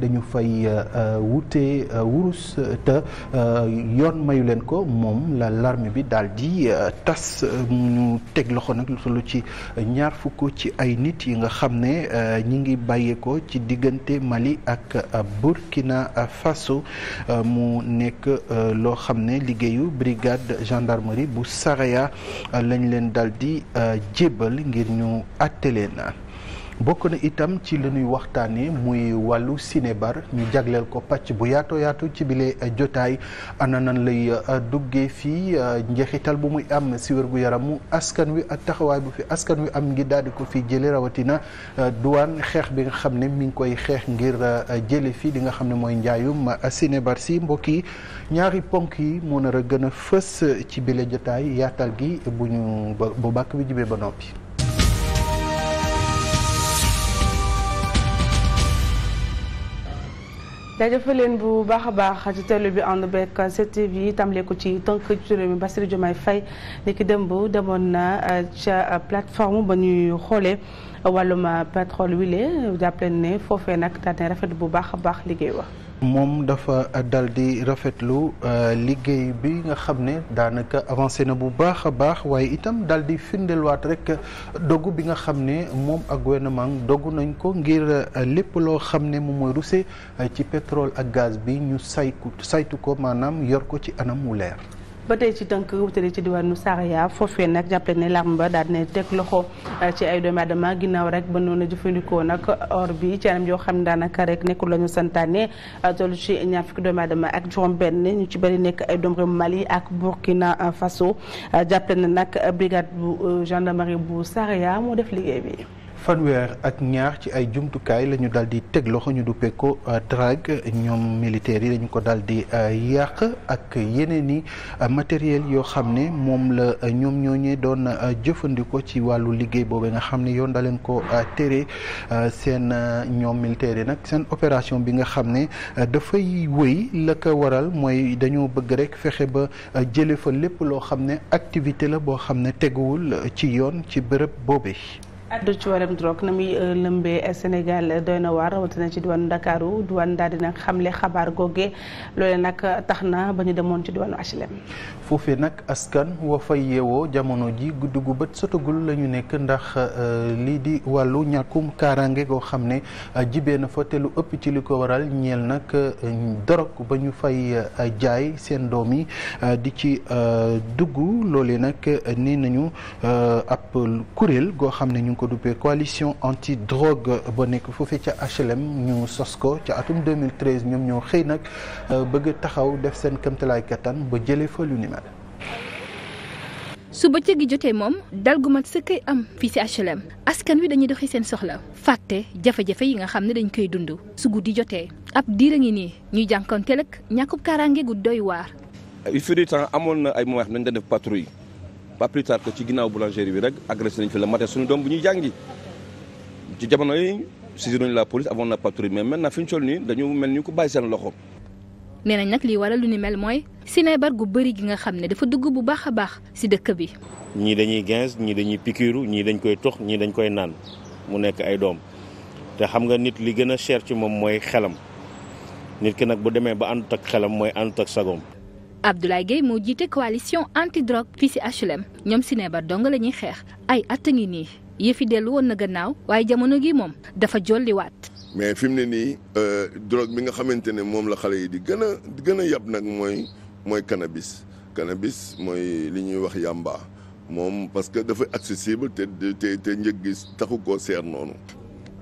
dañu fay euh, euh, wuute euh, wurus te yoon mayu leen ko moom la larme bi daal di tas ñu teg loxo nag lu toll ci ñaar fukk ci ay nit yi nga xam ne ñi ngi bàyyeekoo ci diggante Mali ak Burkina Faso mu nekk loo xam ne liggéeyu brigade gendarmerie bu Saraya lañ leen dal di jébbal ngir ñu àtte leen bokk na itam ci li ñuy waxtaanee muy wàllu cinébar ñu jagleel ko pàcc bu yaato yaatu ci bile eh, jotaay ana nan lay eh, duggee fii eh, njeexital bu muy am si wér gu yaramu askan wi ak taxawaay bu fi askan wi am ngi daldi ko fi jëlee rawatina duwaan xeex bi nga xam ne mi ngi koy xeex ngir jële fii li nga xam ne mooy njaayum cinébar si mbokk yi ñaari ponk yi moo nar a gën a fës ci bile jotaay yaatal gi bu ñu bu bàkk bi jibee ba noppi. jaajëfal leen bu baax a baax ci teelu bi ànd beeg 7TV yi tàmbalee ko ci tënk ci réew mi Bassirou Diomaye Faye ni dem démb demoon na euh, ca euh, plateforme ba ñuy xoolee wàllum euh, pétrole wile jàpp leen ne foofee nag daal rafet bu baax a baax liggéey wa moom dafa dal di rafetlu euh, liggéey bi nga xam ne daanaka avancé na bu baax a baax waaye itam dal di firndelwaat rek dogu bi nga xam ne moom ak gouvernement dogu nañ ko ngir euh, lépp loo xam ne moom mooy rusé euh, ci petrole ak gaz bi ñu sayku saytu ko maanaam yor ko ci anam wu leer ba tey ci tank wutale ci diwaanu Saraya foofee nag jàppale ne larme ba daal teg loxo eh, ci ay doomi aadama ginnaaw rek ba noonu jëfandikoo nag or bi ci anam yoo xam ne daanaka rek nekkul la ñu santaane eh, toll ci ñaar fukki doomi aadama ak juróom-benn ñu ci bëri nekk ay doom réew Mali ak Burkina Faso eh, jàppale na nag brigade bu gendarmerie bu Saraya moo def liggéey bi. fanweer ak ñaar ci ay jumtukaay la ñu daal di teg loxo ñu duppee ko euh, drague ñoom militaires yi lañu ko daal di euh, yàq ak yeneen i euh, matériel yoo xam ne moom la ñoom ñooñee doon jëfandikoo ci wàllu liggéey boobee nga xam ne yoon da leen ko tere seen ñoom militaires yi nag seen opération bi nga xam ne dafay wëy la ko waral mooy dañoo bëgg rek fexe ba jële fa lépp loo xam ne activité la boo xam ne teguwul ci yoon ci bërëb boobee. addu ci wàllum drogue na muy euh, lëmbee Sénégal doy na waar rawatina ci diwaanu Ndakaaru diwaan daal dina xamle xabaar googe loole nag tax na ba ñu demoon ci diwaanu HLM foofee nag askan wa fay yeewoo jamono ji guddi gu bët sotagul la ñu nekk ndax euh, lii di wàllu ñàkkum kaaraange goo xam ne euh, jibee na fa te lu ëpp ci li ko waral ñeel nag euh, dorog ba ñu fay jaay seen doom yi di ci dugg loolee nag ni nañu ab kuréel goo xam ne ñu ngi ko duppee coalition anti drogue ba nekk foofee ca HLM ñu sos ko ca atum ñoom ñoo xëy nag bëgg taxaw def seen këmtalaay kattan ba jëlee fa lu ni su bëccëg gi jotee moom dal gu mat sëkkay am fii ci HLM askan wi dañuy doxi seen soxla fàtte jafe-jafe yi nga xam ne dañ koy dund su guddi jotee ab diir a ngi nii ñuy jànkonteel ak ñàkkub kaaraange gu doy waar. il fut temps amoon na ay moments xam ne dañ daan def patrouille pas plus tard ci ginnaaw boulangerie bi rek agressé nañ fi la matin suñu doom bu ñuy jàngi ci jamono yi saisir nañu la police amoon na patrouille mais maintenant fi ñu toll nii dañu mel ni ku bàyyi loxo. nee nañ nag lii waral lu ni mel mooy sinébar gu bëri gi nga xam ne dafa dugg bu baax a baax si dëkk bi. ñii dañuy gens ñii dañuy pikiiru ñii dañ koy tox ñii dañu koy naan mu nekk ay doom te xam nga nit li gën a cher ci moom mooy xelam nit ki nag bu demee ba àndut ak xelam mooy àndut ak sagoom. Abdoulaye Gueye moo jiite coalition anti drogue fii si HLM ñoom sinébar dong la ñuy xeex ay at a ngi nii yëfi dellu woon na gannaaw waaye jamono gi moom dafa jolliwaat. mais fi mu ne nii euh, drogue bi nga xamante ne moom la xale yi di gën a gën a yab nag mooy mooy cannabis cannabis mooy li ñuy wax yàmba moom parce que dafa accessible te te te njëg gi taxu ko seer noonu.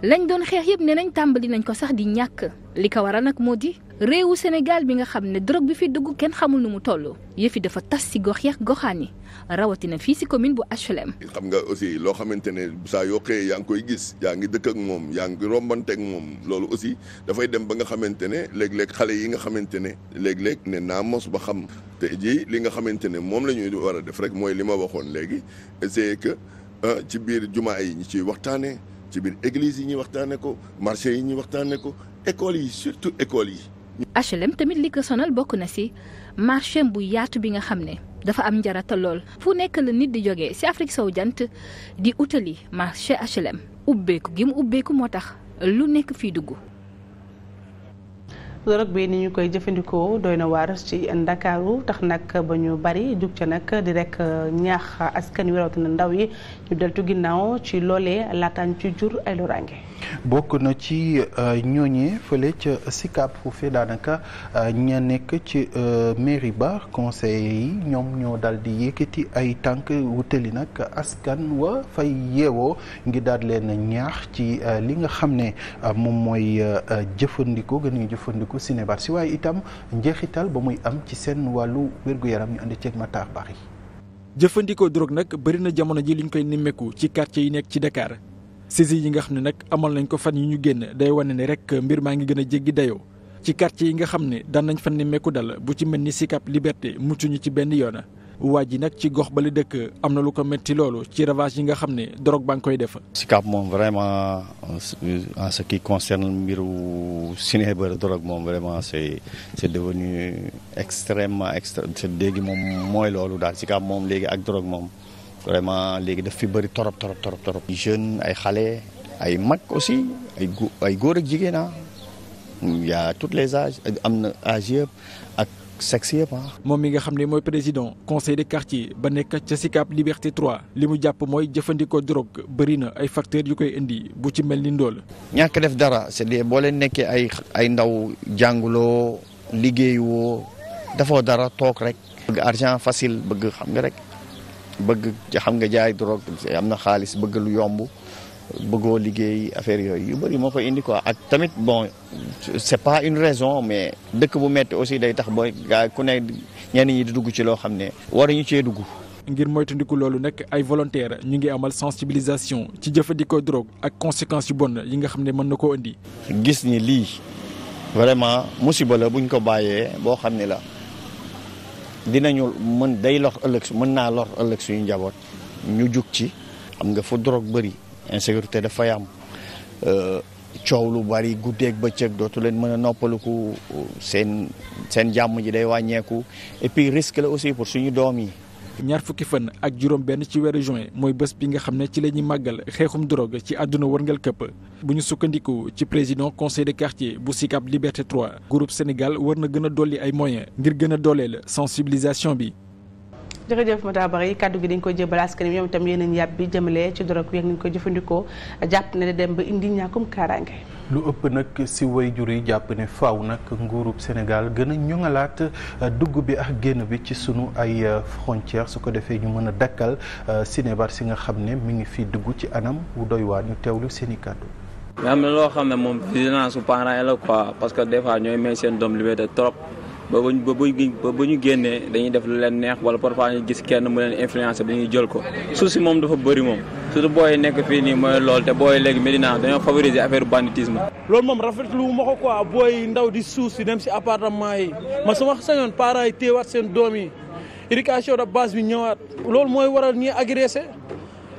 lañ doon xeex yëpp ne nañ tàmbali nañ ko sax di ñàkk li ko waral nag moo di réewu Sénégal bi nga xam ne drogue bi fi dugg kenn xamul nu mu toll yëfi dafa tas ci gox yàq goxaan yi rawatina fii si commune bu HLM. xam nga aussi loo xamante ne saa yoo xëyee yaa ngi koy gis yaa ngi dëkk ak moom yaa ngi rombante ak moom loolu aussi dafay dem ba nga xamante ne léeg-léeg xale yi nga xamante ne léeg-léeg ne naa mos ba xam te ji li nga xamante ne moom la ñuy war a def rek mooy li ma waxoon léegi c'est que ah, ci biir jumaa yi ñu ciy waxtaanee ci biir église yi ñuy waxtaanee ko marché yi ñuy waxtaanee ko école yi surtout école yi. HLM tamit li ko sonal bokk na marché bu yaatu bi nga xam ne dafa am njarata lool fu nekk la nit di joge ci Afrique saw jant di utali marché HLM ubbeeku gi mu ubbeeku moo tax lu nekk fii dugg drogue bi ni ñu koy jëfandikoo doy na waar ci ndakaaru tax nag ba ñu bari jug ca nag di rek euh, ñaax askan wi rawatina ndaw yi ñu deltu ginnaaw ci loolee laataan ci jur ay loraange. bokk na ci euh, ñooñee fële ca Sicap foofee daanaka euh, ña nekk ci mairie ba conseil yi ñoom ñoo daal di yëkkati ay tànk wutali nag askan wa fay yeewoo ngi daal leen ñaax ci li nga xam ne moom mooy jëfandikoo gën a jëfandikoo. ko Sinebar si waaye itam njeexital ba muy am ci seen wàllu wér yaram ñu ànd ceeg Matar Bari jëfandikoo drogue nag bëri na jamono ji ñu koy nimmeeku ci quartier yi nekk ci Dakar saisi yi nga xam ne nag amal nañ ko fan yi ñu génn day wane ne rek mbir maa ngi gën a jéggi dayoo ci quartier yi nga xam ne daan nañ fan nimmeeku dal bu ci mel ni Sicap Liberté mucc ñu ci benn yoona waa ji nag ci gox ba la dëkk am na lu ko métti loolu ci ravage yi nga xam ne drogue baa ngi koy def. Sicap moom vraiment en ce qui concerne mbiru sinébar drogue moom vraiment c'est c'est devenu extrêmement extré léegi moom mooy loolu daal Sicap moom léegi ak drogue moom vraiment léegi daf fi bëri torop torop torop torop. jeunes ay xale ay mag aussi ay ay góor ak jigéen ah y a tous les âges am na âge yëpp sexe yëpp moom mi nga xam ne mooy président conseil de quartier ba nekk ca Sicap Liberté 3 li mu jàpp mooy jëfandikoo drogue bëri na ay facteurs yu koy indi bu ci mel ni ndóol. ñàkk def dara cest à boo leen nekkee ay ay ndaw jànguloo liggéeyoo dafoo dara toog rek. bëgg argent facile bëgg xam nga rek bëgg xam nga jaay drogue am na xaalis bëgg lu yomb. bëggoo liggéey affaire yooyu yu bëri moo koy indi quoi ak tamit bon c'est pas une raison mais dëkk bu metti aussi day tax ba ku ne ñenn ñi di dugg ci loo xam ne war waruñu cee dugg. ngir moytandiku loolu nag ay volontaire ñu ngi amal sensibilisation ci jëfandikoo drogue ak conséquences yu bon yi nga xam ne mën na koo indi. gis ni lii vraiment musiba la buñ ko bàyyee boo xam ne la dinañu mën day lox ëllëg mën naa lox ëllëg suñu njaboot ñu jug ci xam nga fu drogue bëri. insécurité dafay am euh, coow lu bari guddeeg bëccëg dootu leen mën a noppaliku seen seen jàmm ji day wàññeeku et puis risque la aussi pour suñu doom yi. ñaar fukki fan ak juróom benn ci weeru juin mooy bés bi nga xam ne ci la ñuy màggal xeexum drogue ci àdduna wërngal këpp bu ñu sukkandiku ci président conseil de quartier bu Sicap Liberté 3 groupe Sénégal war na gën a dolli ay moyen ngir gën a dooleel sensibilisation bi. jërëjëf Mata Bari kàddu gi dañ koy jébal askan wi ñoom itam yeneen yàpp bi jëmale ci dorog wi ñu ko jëfandikoo jàpp ne dem ba indi ñàkkum kaaraange lu ëpp nag si jur yi jàpp ne faaw nag nguurub Sénégal gën a ñoŋalaat dugg bi ak génn bi ci sunu ay euh, frontières su ko defee ñu mën a dakkal sinébar euh, si nga xam ne mi ngi fi dugg ci anam wu doy waa ñu teewlu seen i kàddu mais am na loo xam ne moom vigilance su parents yi la quoi parce que des fois ñooy may seen doom liberté trop ba ba ba ba ñu génnee dañuy def lu leen neex wala parfois ñu gis kenn mu leen influencé ba ñuy jël ko suuf si moom dafa bëri moom surtout booy nekk fii nii mooy loolu te booy léegi Médina dañoo favoriser affaire banditisme. loolu moom rafetlu wu ma ko quoi booy ndaw di suuf si dem si appartement yi ma sama sañoon parents yi téewaat seen doom yi éducation de base bi ñëwaat loolu mooy waral ñuy agressé.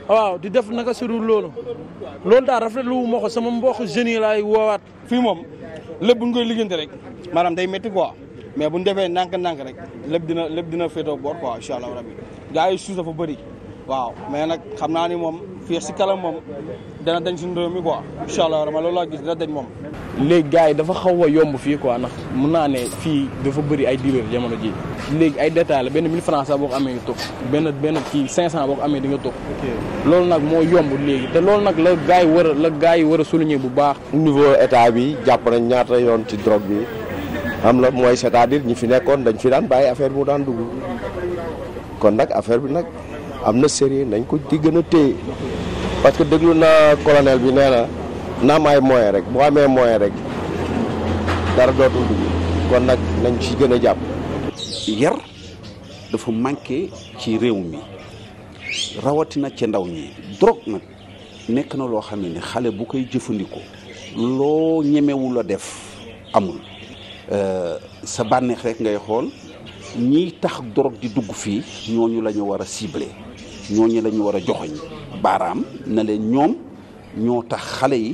waaw di def naka surul loolu loolu daal rafetlu wu ma ko sama mbokk jeunes yi laay woowaat. fii moom lépp bu ñu rek maanaam day métti mais bu ñu defee ndànk-ndànk rek lépp dina lépp dina féetoo boor quoi incha allah rabi yi suuf dafa bëri waaw mais nag xam naa ni moom fii si kalam moom dana dañ suñu réew mi quoi incha allah rabi loolu laa gis dina dañ moom. léegi gars yi dafa xaw a yomb fii quoi ndax mun naa ne fii dafa bëri ay dealer jamono ji léegi ay détails la benn 1000 francs boo ko amee nga benn benn kii 500 boo ko amee di nga toog. loolu nag moo yomb léegi te loolu nag la gars yi war a la gars yi war a souligner bu baax. niveau état bi jàpp nañ ñaata yoon ci drogue bi. am la mooy cest à ñi fi nekkoon dañ fi daan bàyyi affaire bu daan dugg kon nag affaire bi nag am na sérieux nañ ko di gën a téye parce que déglu na colonel bi nee na na am moyen rek boo amee moyen rek dara dootul dugg kon nag nañ ci gën a jàpp. yar dafa manqué ci réew mi rawatina ci ndaw ñi drogue nag nekk na loo xam ne xale bu koy jëfandikoo loo ñemewul def amul. Euh, sa bànneex rekk ngay xool ñiy tax drogue di dugg fii ñooñu la ñu war a ciblé ñooñu la ñu war a joxoñ baaraam na leen ñoom ñoo tax xale yi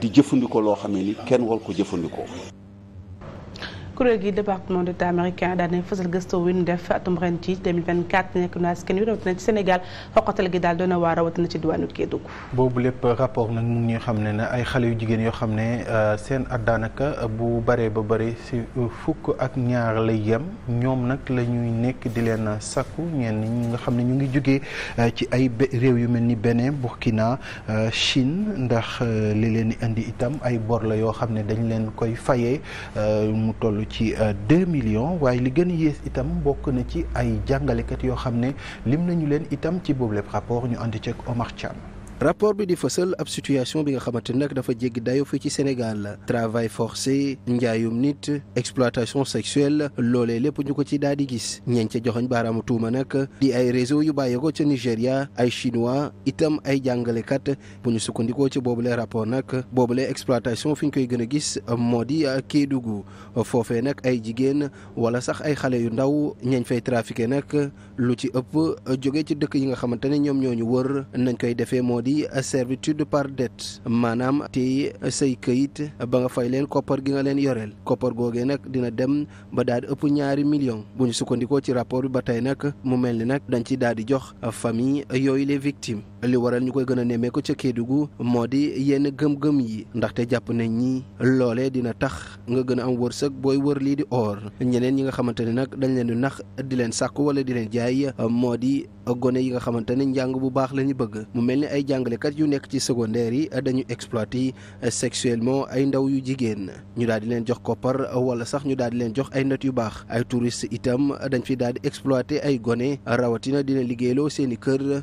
di jëfandikoo loo xam ne ni kenn war ko jëfandikoo kuréel gi département d'état américain daal ne fësal gëstu wi ñu def atum ren ci 2024 nekk na askan wi rawatina ci Sénégal xoqatal gi daal doona waa rawatina ci diwaanu Kédougou boobu lépp rapport nag mu ngi xam ne ne ay xale yu jigéen yoo xam ne euh, seen at daanaka bu baree ba bëri si euh, fukk ak ñaar lay yem ñoom nag la ñuy nekk di leen sakku ñenn ñi nga xam ne ñu ngi jóge euh, ci ay réew yu mel ni Bénin Burkina Chine ndax li leen di indi itam ay bor la yoo xam ne dañ leen koy fayee toll ci euh, deux millions waaye li gën yées itam bokk na ci ay jàngalekat yoo xam ne lim nañu leen itam ci boobu lépp rapport ñu ànd ceeg Omar rapport bi di fësal ab situation bi nga xamante nag dafa jéggi dayo fii ci Sénégal travail forcé njaayum nit exploitation sexuelle loole lépp ñu ko ci daal di gis ñeñ ca joxoñ baaraamu tuuma nag di ay réseau yu bàyyeekoo ca Nigéria ay chinois itam ay jàngale kat bu ñu sukkandikoo ci boobule rapport nag boobule exploitation fi ñu koy gën a gis moo di Kédougou foofe nag ay jigéen wala sax ay xale yu ndaw ñeñ fay trafiqué nag lu ci ëpp jóge ci dëkk yi nga xamante ne ñoom ñoo ñu wër nañ koy defee moo di di servitude par dette maanaam tey say këyit ba nga fay leen koppar gi nga leen yoreel koppar googee nag dina dem ba daal ëpp ñaari million bu ñu sukkandikoo ci rapport bi ba tey nag mu mel ni nag dañ ci daal di jox famille yooyu les victimes li waral ñu koy gën a nemmeeku ca Kédougou moo di yenn gëm-gëm yi ndaxte jàpp nañ ñi loolee dina tax nga gën a am wërsëg booy wër lii di oor ñeneen yi nga xamante ne nag dañ leen di nax di leen sàkku wala di leen jaay moo di gone yi nga xamante ne njàng bu baax la ñu bëgg mu mel ni ay jàngalekat yu nekk ci secondaire yi dañu exploiter sexuellement ay ndaw yu jigéen ñu daal di leen jox koppar wala sax ñu daal di leen jox ay notes yu baax ay touristes itam dañ fi daal di exploiter ay gone rawatina dina liggéeyloo seeni kër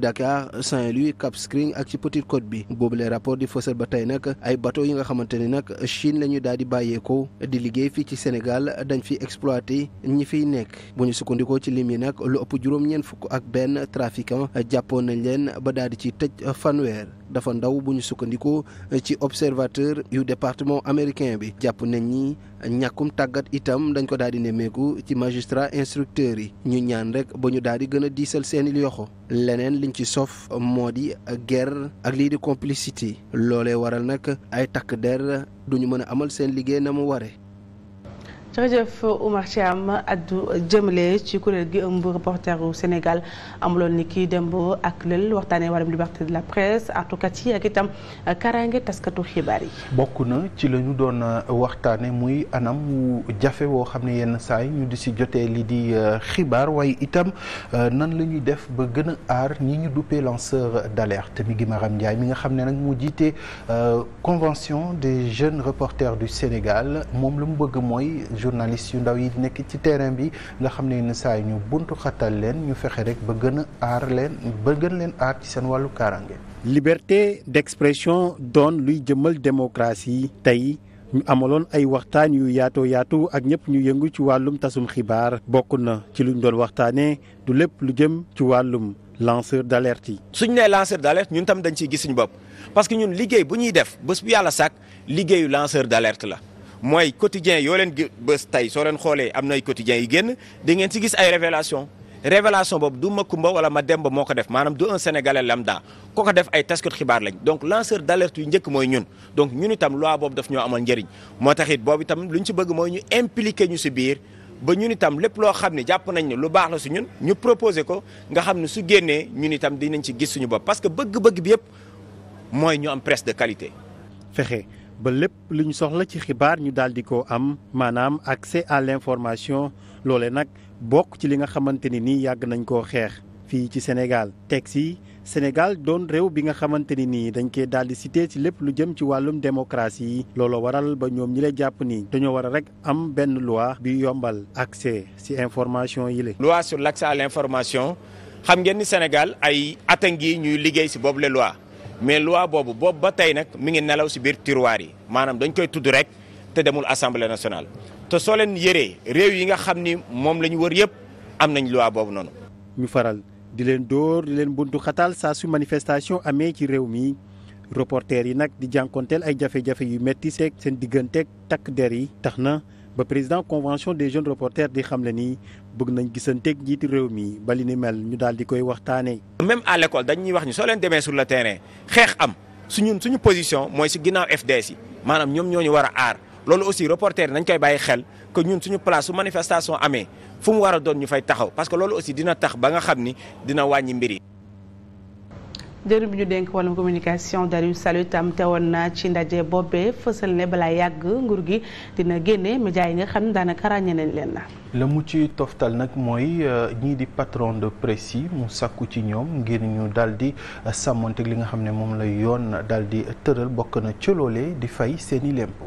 Dakar Saint-Louis Cap Skirring ak ci Petite Côte bi boobu les rapport di fësal ba tey nag ay bato yi nga xamante ni nag Chine la ñu daal di bàyyeekoo di liggéey fii ci Sénégal dañ fi exploité ñi fiy nekk bu ñu sukkandikoo ci lim yi nag lu ëpp juróom-ñeent fukk ak benn trafiquant jàppoon nañ leen ba daal di ci tëj fanweer dafa ndaw bu ñu sukkandiku eh, ci observateur yu département américain bi jàpp nañ ñi ñàkkum tàggat itam dañ ko daal di nemmeeku ci magistrat instructeurs yi ñu ñaan rek ba ñu daal di gën a diisal seeni yoxo leneen liñ ci sof moo di guerre ak lii di complicité loole waral nag ay takk der duñu mën a amal seen liggéey na mu ware jërëjëf Oumar Thiam addu jëmale ci kuréel gi ëmb reporteru Sénégal amuloon ni kii démb ak lël waxtaanee wàllum liberté de la presse artukat yi ak itam karange taskatu xibaar yi. bokk na ci la ñu doon waxtaanee muy anam wu jafe woo xam ne yenn saay ñu di si jotee li di euh, xibaar waaye itam euh, nan la ñuy def ba gën a aar ñi ñu duppee lanceur d' alerte mi ngi Maram Ndiaye mi nga xam ne nag mu jiite euh, convention de jeunes reporters du Sénégal moom la mu bëgg mooy. journaliste yu ndaw yi nekk ci terrain bi nga xam ne yenn saa ñu buntu xatal leen ñu fexe rek ba gën aar leen ba gën leen aar ci seen wàllu kaaraange. liberté d'expression doon luy jëmal démocratie tey. ñu amaloon ay waxtaan yu yaatoo yaatu ak ñëpp ñu yëngu ci wàllum tasum xibaar bokk na ci lu ñu doon waxtaanee du lépp lu jëm ci wàllum lanceur d'alerte yi. suñ nee lanceur d'alerte ñun tam dañ ciy gisuñu bopp parce que ñun liggéey bu ñuy def bés bu yàlla sàkk liggéeyu lanceur d'alerte la. mooy quotidien yoo leen bés tey soo leen xoolee am nay quotidien yi génn di ngeen si gis ay révélation révélation boobu du Makumba wala Mademba moo ko def maanaam du un sénégalais lambda ko ko def ay taskat xibaar lañ donc lanceur d'alerte yu njëkk mooy ñun donc ñun itam loi boobu def ñoo amal njëriñ moo taxit it boobu itam lu ñu si bëgg mooy ñu impliqué ñu si biir ba ñun itam lépp loo xam ne jàpp nañ ne lu baax la su ñun ñu proposé ko nga xam ne su génnee ñun itam dinañ ci gis suñu parce que bëgg-bëgg yëpp mooy ñu am qualité fexe ba lépp lu ñu soxla ci xibaar ñu daal di ko am maanaam accès à l'information loole nag bokk ci li nga xamante ni nii yàgg nañ koo xeex fii ci Sénégal teg si Sénégal doon réew bi nga xamante ni nii dañ koy daal di cité ci lépp lu jëm ci wàllum démocratie looloo waral ba ñoom ñi lay jàpp ni dañoo war a rek am benn loi bi yombal accès ci information yi la. loi sur l'accès à l'information xam ngeen ni Sénégal ay at a ñuy liggéey ci boobu le loi. mais loi boobu boobu ba tey nag mi ngi nelaw si biir tiroir yi maanaam dañ koy tudd rek te demul assemblée nationale te soo leen yëree réew yi nga xam ni moom la ñu wër yëpp am nañ loi boobu noonu. ñu faral di leen dóor di leen buntu xatal saa su manifestation amee ci réew mi reporter yi nag di jànkonteel ay jafe-jafe yu metti seek seen digganteeg takk der yi tax na. ba président convention des jeunes reporters di xam le ni bëgg nañ gisanteeg njiiti réew mi ba li ni mel ñu daal di koy waxtaanee. même à l'école dañuy wax ni soo leen demee sur le terrain xeex am suñu suñu position mooy si ginnaaw FDS yi maanaam ñoom ñoo ñu war a aar loolu aussi reporter nañ koy bàyyi xel que ñun suñu place su manifestation amee fu mu war a doon ñu fay taxaw parce que loolu aussi dina tax ba nga xam ni dina wàññi mbir yi. jëru bi ñu denk wàllum communication Darius Salu te teewoon na ci ndaje boobee fësal ne balaa yàgg nguur gi dina génne média yi nga xam ne daanaka ràññee nañ leen na la mu ci tooftal nag mooy euh, ñii di patron de presse yi mu sàkku ci ñoom ngir ñu daal di euh, sàmmonteeg li nga xam ne moom la yoon daal di tëral bokk na coloole di fay seeni lempo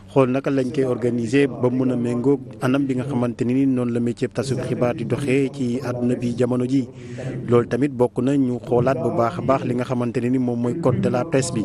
xool naka lañ koy organiser ba mun a méngóog anam bi nga xamante ni noonu la métier tasub xibaar di doxee ci àdduna bi jamono ji loolu tamit bokk na ñu xoolaat bu baax a baax li nga xamante ne ni moom mooy code de la presse bi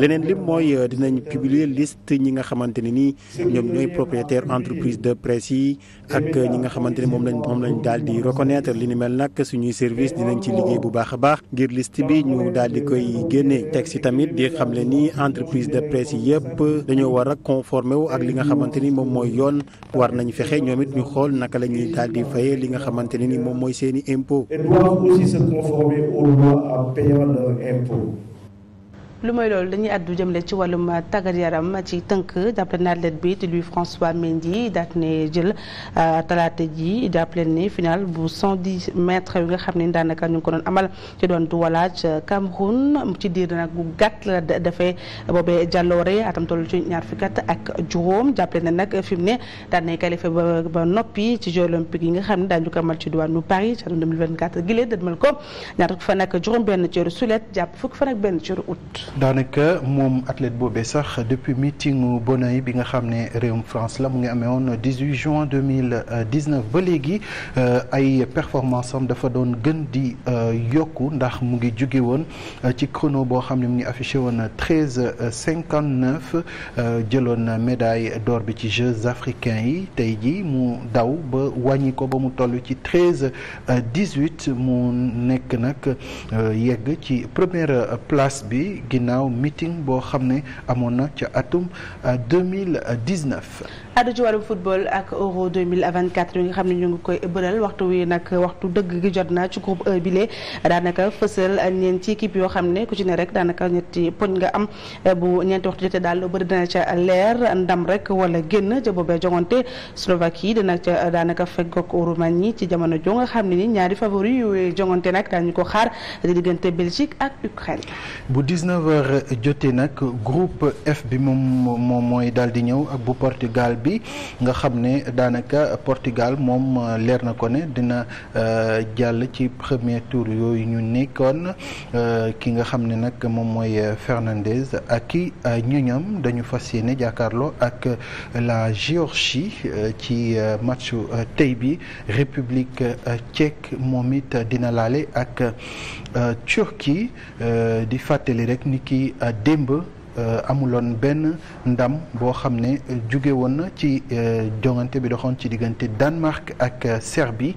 leneen lim mooy euh, dinañ publier liste ñi nga xamante ne ni ñoom ñooy propriétaire entreprise de presse yi ak ñi nga xamante ni moom lañ moom lañ daal di reconnaître li ni mel nag suñuy service dinañ ci liggéey bu baax a baax ngir liste bi ñu daal di koy génnee texte yi tamit di xam le ni entreprise de presse yi yëpp dañoo war a conforme conformé wu ak li nga xamante ni moom mooy yoon war nañu fexe ñoom it ñu xool naka la ñuy daal di fayee li nga xamante ne ni moom mooy seeni impôt. Elles doivent aussi se conformer aux lu mooy loolu dañuy àddu jëmle ci wàllum tàggat yaram ci tënk jàppale na athlète bi te Louis François Mendy daat ne jël euh, talaate ji jàppale ni final bu 110 mètres yi nga xam ne daanaka ñu ngi ko doon amal ci doon du walaaj euh, Cameroun ci diir nag bu gàtt la dafay boobee jàlloore atam toll ci ñaar fukki at ak juróom jàppale na nag fi mu ne daan nañ qualifié ba noppi ci jeux olympiques yi nga xam ne daañu ci diwaanu Paris ci atum gile dëdmal ko ñaar fukk fan ak juróom benn ci jàpp fukk fan ak benn ci weeru août daanaka moom athlète boobe sax depuis meetingu Bonneuil bi nga xam ne réewum France la mu ngi amee woon 18 juin 2019 euh, ba léegi euh, ay performance am dafa doon gën di euh, yokku ndax mu ngi jóge woon ci chrono boo xam ne mu ngi affiché woon 13 59 jëloon médaille door bi ci Jeux africains yi tey ji mu daw ba wàññi ko ba mu toll ci 13 18 mu nekk nag yegg ci première place bi. ginnaaw meeting boo xam ne amoon na ca atum 2019 euh, addu ci wàllu football ak euro 2024 yi xam ne ñu ngi koy bëral waxtu wi nag waxtu dëgg gi jot naa ci groupe E bi lee daanaka ñeen ci équipe yoo xam ne ku ci ne rek daanaka ñetti poñ nga am bu ñeenti waxtu daal bëri dina ca leer ndam rek wala génn ca boobee jongante Slovaquie dina ca daanaka feggoog Roumanie ci jamono jo nga xam ne ni ñaari favori yu jongante nag daañu ko xaar diggante Belgique ak Ukraine. bu 19h jotee nag groupe bi moom moom mooy daal di ñëw ak bu Portugal. bi nga xam ne daanaka Portugal moom euh, leer na ko ne dina euh, jàll ci premier tour yooyu ñu nekkoon euh, ki nga xam ne nag moom mooy Fernandez ak ki ñoñam dañu fas yéene jàkkaarloo ak la Géorgie ci matchu tey bi République tchèque moom it dina laale ak Turquie di fàttali rek ni ki démb Euh, amuloon benn ndam boo xam ne jóge woon na ci euh, jongante bi doxoon ci diggante Danemark ak euh, Serbie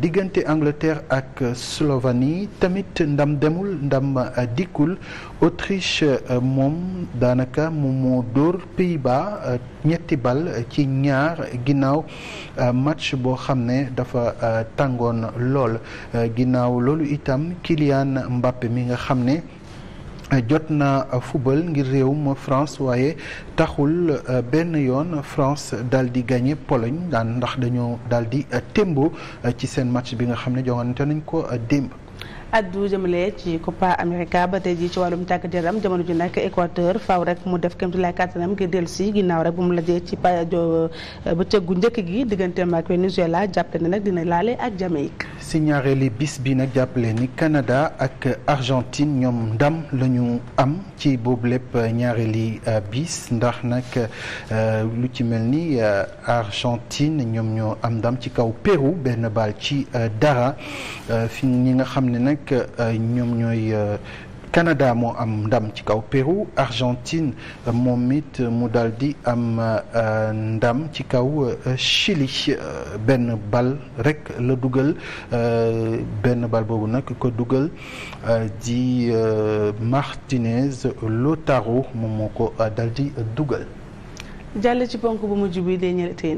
diggante Angleterre ak Slovénie tamit ndam demul ndam dikkul Autriche moom daanaka moom moo dóor Pays-Bas ñetti bal ci ñaar ginnaaw match boo xam ne dafa tàngoon lool ginnaaw loolu itam Kylian Mbappé mi nga xam ne jot na football ngir réew ma France waaye taxul euh, benn yoon France daal di gagné Pologne daan ndax dañoo daal di euh, témbo euh, ci seen match bi nga xam ne jongante nañ ko démb. addu jëmale ci Copa America ba tey jii ci wàllum tàggat yaram jamono ji nag Équateur faaw rek mu def kéem tolluwaay kàttanam ngir dellu si ginnaaw rek bu mu lajee ci euh, bëccëgu njëkk gi digganteem ak Venezuela jàppale ne nag dina laale ak Jamaïque. si ñaareeli bis bi nag jàppale ni Canada ak Argentine ñoom ndam lañu am ci boobu lépp ñaareeli euh, bis ndax nag euh, lu ci mel ni Argentine ñoom ñoo am ndam ci kaw Pérou benn baal ci dara fi ñi nga xam ne nag. Euh, ñoom ñooy euh, Canada moo am ndam ci kaw Pérou Argentine moom it mu daal di am euh, ndam ci kaw Chili benn bal rek la dugal benn bal boobu nag ko dugal di Martinez Lautaro moom moo ko daal di dugal. jàll ci ponk bu mujj bi day ñëw tey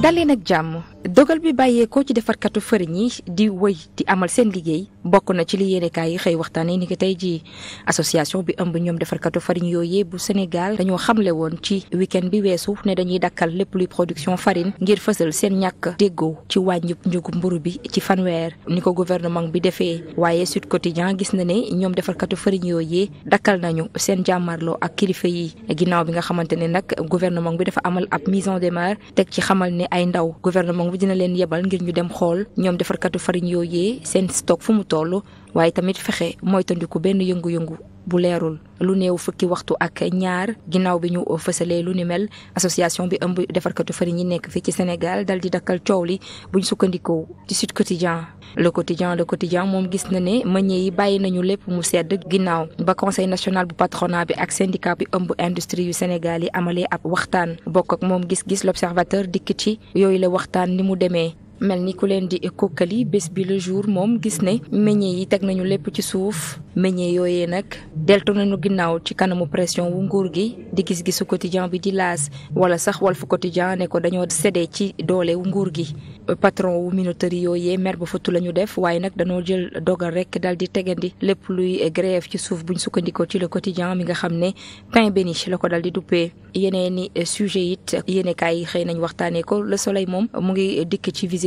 dalee nag jàmm dogal bi bàyyeekoo ci defarkatu fariñ yi di woy di amal seen liggéey bokk na ci li yéenekaay yi xëy waxtaanee ni ki tey jii association bi ëmb ñoom defarkatu fariñ yooyee bu Sénégal dañoo xamle woon ci week bi weesu ne dañuy dakkal lépp luy production farine ngir fësal seen ñàkk déggoo ci wàññi njëgu mburu bi ci fanweer ni ko gouvernement bi defee waaye Sud Quotidien gis na ne ñoom defarkatu fariñ yooyee dakkal nañu seen jàmmarloo ak kilifa yi ginnaaw bi nga xamante ne nag gouvernement bi dafa amal ab mise en demeure teg ci xamal ne ay ndaw gouvernement bi dina leen yebal ngir ñu dem xool ñoom defarkatu yoo yooyee seen stock fu mu toll waaye tamit fexe moytandiku benn yëngu-yëngu bu leerul lu néew fukki waxtu ak ñaar ginnaaw bi ñu fësalee lu ni mel association bi ëmb defarkatu farine yi nekk fii ci Sénégal dal di dakkal coow li buñ sukkandikoo ci Sud Quotidien le quotidien le quotidien moom gis na ne meññe yi bàyyi nañu lépp mu sedd ginnaaw ba conseil national bu patronat bi ak syndicat bi ëmb industrie yu Sénégal yi amale ab waxtaan bokk ak moom gis-gis l'observateur dikk ci yooyu la waxtaan ni mu demee mel ni ku leen di kokkali bés bi le jour moom gis ne meññee yi teg nañu lépp ci suuf meññee yooyee nag deltu nañu ginnaaw ci kanamu pression wu nguur gi di gis-gisu quotidien bi di laas wala sax fu Quotidien ne ko dañoo sedde ci doole wu nguur gi patron wu minoterie yooyee mer ba fottu la ñu def waaye nag dañoo jël dogal rek dal di tegandi lépp luy grève ci suuf bu buñ sukkandikoo ci le quotidien mi nga xam ne pain béniche la ko dal di duppee yeneeni sujet it yéene yi xëy nañ waxtaanee ko le soleil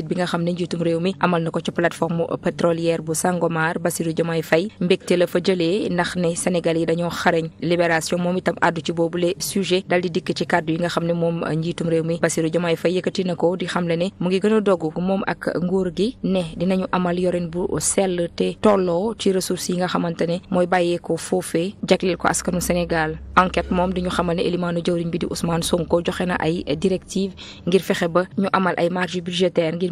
visite bi nga xam ne njiitum réew mi amal na ko ci plateforme pétrolière bu Sangomar Bassirou Diomaye Faye mbégte la fa jëlee ndax ne Sénégal yi dañoo xarañ libération moom itam àddu ci boobule sujet dal di dikk ci kàddu yi nga xam ne moom njiitum réew mi Bassirou Diomaye Faye yëkkati ko di xam le ne mu ngi gën a dogg moom ak nguur gi ne dinañu amal yorin bu sell te tolloo ci ressources yi nga xamante ne mooy bàyyeekoo foofee jagleel ko askanu Sénégal enquête moom di ñu xamal ne élimaanu bi di Ousmane Sonko joxe na ay directive ngir fexe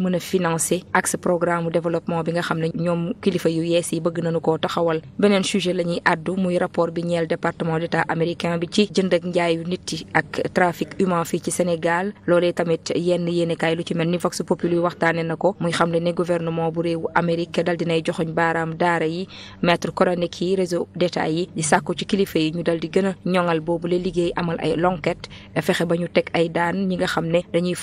mën a financer ak sa programme développement bi nga xam ne ñoom kilifa yu yees yi bëgg nañu koo taxawal beneen sujet la àddu muy rapport bi ñeel département d'état américain bi ci jënd ak njaayu nit yi ak trafic humain fii ci Sénégal loolee tamit yenn yéenekaay lu ci mel ni Vox Populi waxtaane na ko muy xam ne ne gouvernement bu réewu Amérique dal dinay joxoñ baaraam daara yi maître coranique yi réseau d'état yi di sàkku ci kilifa yi ñu dal di gën a ñoŋal boobu la liggéey amal ay lonket ba ñu teg ay daan ñi nga xam ne dañuy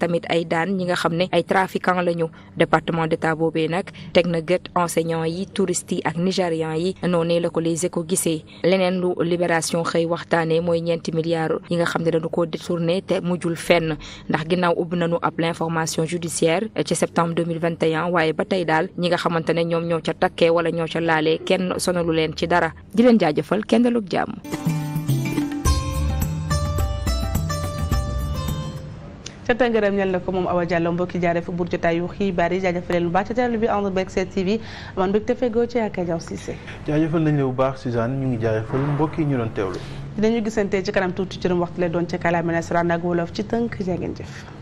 tamit ay daan ñi nga xam ne ay trafiquants lañu département d'état boobee nag teg na gët enseignants yi touristes yi ak nigérians yi noonee la ko les ko gisee leneen lu libération xëy waxtaanee mooy ñeenti milliards yi nga xam ne dañu ko détourné te mujjul fenn ndax ginnaaw ubbi nañu ab l'information judiciaire ci septembre 2021 waaye ba tey daal ñi nga xamante ne ñoom ñoo ca takkee wala ñoo ca laalee kenn sonalu leen ci dara di leen jaajëfal kenn dalub jàmm canta ngërëm ñel na ko moom Awa Diallo mbokki jaare fi buur jotaayu xibaar yi jaajëfal lu baax ci teewlu bi ànd beeg seen TV man mbégte fegoo ci ak Diaw Cissé jaajëfal nañ la bu baax Suzanne ñu ngi jaajëfal mbokki ñu doon teewlu dinañu gisante ci kanam tuuti ci waxtu lay doon ci kàllaama nasaraan ak wolof ci tënk jaa ngeen jëf